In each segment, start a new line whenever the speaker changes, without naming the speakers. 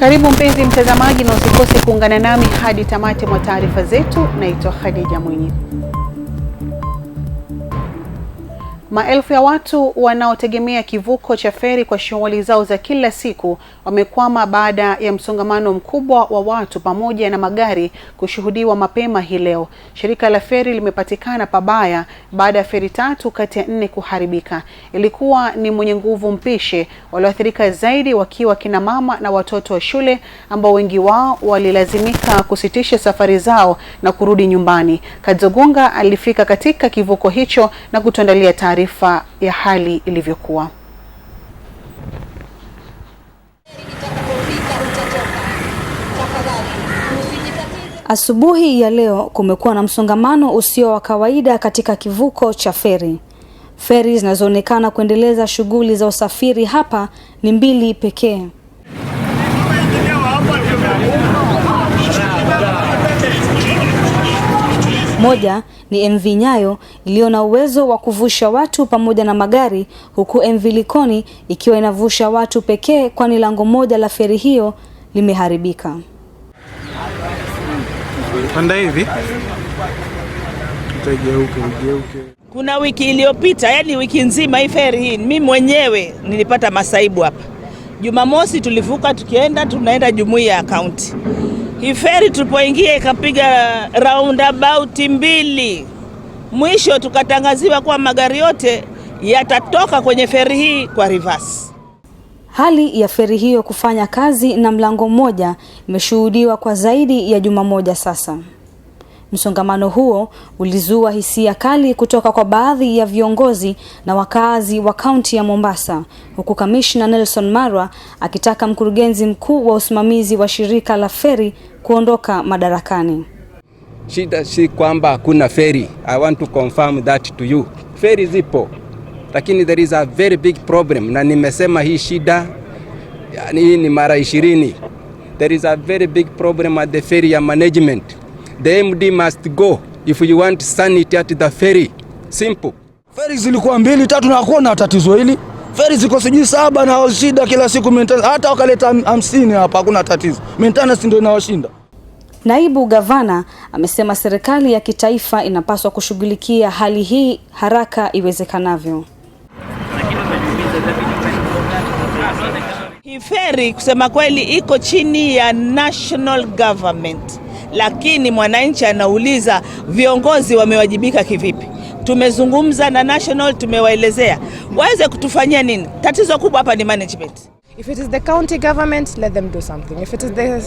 Karibu mpenzi mtazamaji, na usikose kuungana nami hadi tamati mwa taarifa zetu. Naitwa Khadija Mwinyi. Maelfu ya watu wanaotegemea kivuko cha feri kwa shughuli zao za kila siku wamekwama baada ya msongamano mkubwa wa watu pamoja na magari kushuhudiwa mapema hii leo. Shirika la feri limepatikana pabaya baada ya feri tatu kati ya nne kuharibika. Ilikuwa ni mwenye nguvu mpishe, walioathirika zaidi wakiwa kina mama na watoto wa shule ambao wengi wao walilazimika kusitisha safari zao na kurudi nyumbani. Kadzogonga alifika katika kivuko hicho na kutuandalia taarifa taarifa ya hali ilivyokuwa. Asubuhi ya leo kumekuwa na msongamano usio wa kawaida katika kivuko cha feri. Feri zinazoonekana kuendeleza shughuli za usafiri hapa ni mbili pekee. Moja ni MV Nyayo iliyo na uwezo wa kuvusha watu pamoja na magari, huku MV Likoni ikiwa inavusha watu pekee, kwani lango moja la feri hiyo limeharibika. Panda hivi
Kuna wiki iliyopita, yani wiki nzima hii feri hii, mimi mwenyewe nilipata masaibu hapa. Jumamosi tulivuka tukienda tunaenda jumuiya ya kaunti. Hii feri tulipoingia ikapiga roundabout mbili, mwisho tukatangaziwa kuwa magari yote yatatoka kwenye feri hii kwa reverse.
Hali ya feri hiyo kufanya kazi na mlango mmoja imeshuhudiwa kwa zaidi ya juma moja sasa. Msongamano huo ulizua hisia kali kutoka kwa baadhi ya viongozi na wakazi wa kaunti ya Mombasa, huku kamishna Nelson Marwa akitaka mkurugenzi mkuu wa usimamizi wa shirika la feri kuondoka madarakani.
Shida si kwamba hakuna feri. I want to confirm that to you. Feri zipo, lakini there is a very big problem, na nimesema hii shida hii ni mara ishirini. There is a very big problem at the ferry ya management The MD must go if you want sanity at the ferry. Simple.
Ferry zilikuwa mbili tatu, na hakuna tatizo hili. Ferry ziko sijui saba na shida kila siku maintenance, hata wakaleta hamsini hapa hakuna tatizo, maintenance ndio inawashinda.
Naibu gavana amesema serikali ya kitaifa inapaswa kushughulikia hali hii haraka iwezekanavyo.
Hii feri kusema kweli iko chini ya national government lakini mwananchi anauliza viongozi wamewajibika kivipi? Tumezungumza na national, tumewaelezea waweze kutufanyia nini. Tatizo kubwa hapa ni management.
If it is the county government, let them do something. If it is the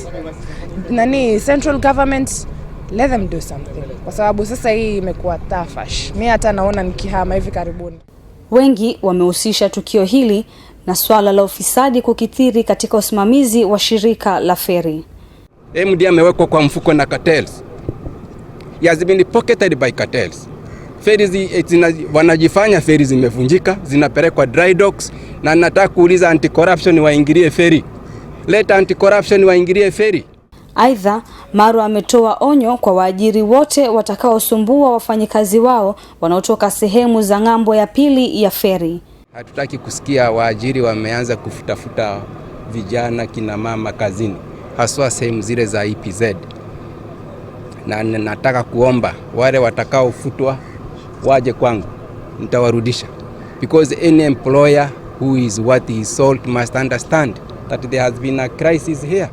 nani central government, let them do something, kwa sababu sasa hii imekuwa tafash. Mi hata naona nikihama hivi karibuni.
Wengi wamehusisha tukio hili na swala la ufisadi kukithiri katika usimamizi wa shirika la feri.
MD amewekwa kwa mfuko na cartels. He has been pocketed by cartels. Feri eh, wanajifanya feri zimevunjika zinapelekwa dry docks, na nataka kuuliza anti corruption waingilie feri, Let anti corruption waingilie feri.
Aidha, maro ametoa onyo kwa waajiri wote watakaosumbua wafanyikazi wao wanaotoka sehemu za ng'ambo ya pili ya feri.
Hatutaki kusikia waajiri wameanza kufutafuta vijana, kina mama kazini haswa sehemu zile za EPZ, na nataka kuomba wale watakaofutwa waje kwangu, nitawarudisha because any employer who is worth his salt must understand that there has been a crisis here.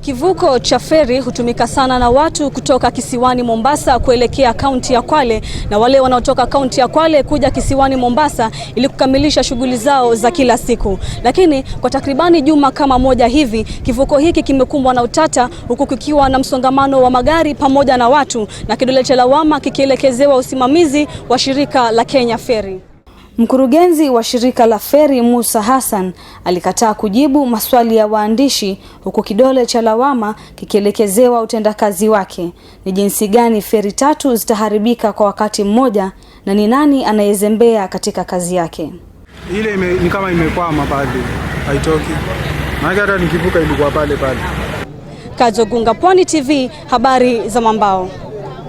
Kivuko cha feri hutumika sana na watu kutoka kisiwani Mombasa kuelekea kaunti ya Kwale na wale wanaotoka kaunti ya Kwale kuja kisiwani Mombasa ili kukamilisha shughuli zao za kila siku. Lakini kwa takribani juma kama moja hivi, kivuko hiki kimekumbwa na utata huku kikiwa na msongamano wa magari pamoja na watu na kidole cha lawama kikielekezewa usimamizi wa shirika la Kenya Ferry. Mkurugenzi wa shirika la feri Musa Hassan alikataa kujibu maswali ya waandishi huku kidole cha lawama kikielekezewa utendakazi wake. Ni jinsi gani feri tatu zitaharibika kwa wakati mmoja na ni nani anayezembea katika kazi yake?
Ile ime, ni kama imekwama pale, haitoki. Maana hata nikivuka ilikuwa pale pale.
Kazogunga, Pwani TV, habari za mambao.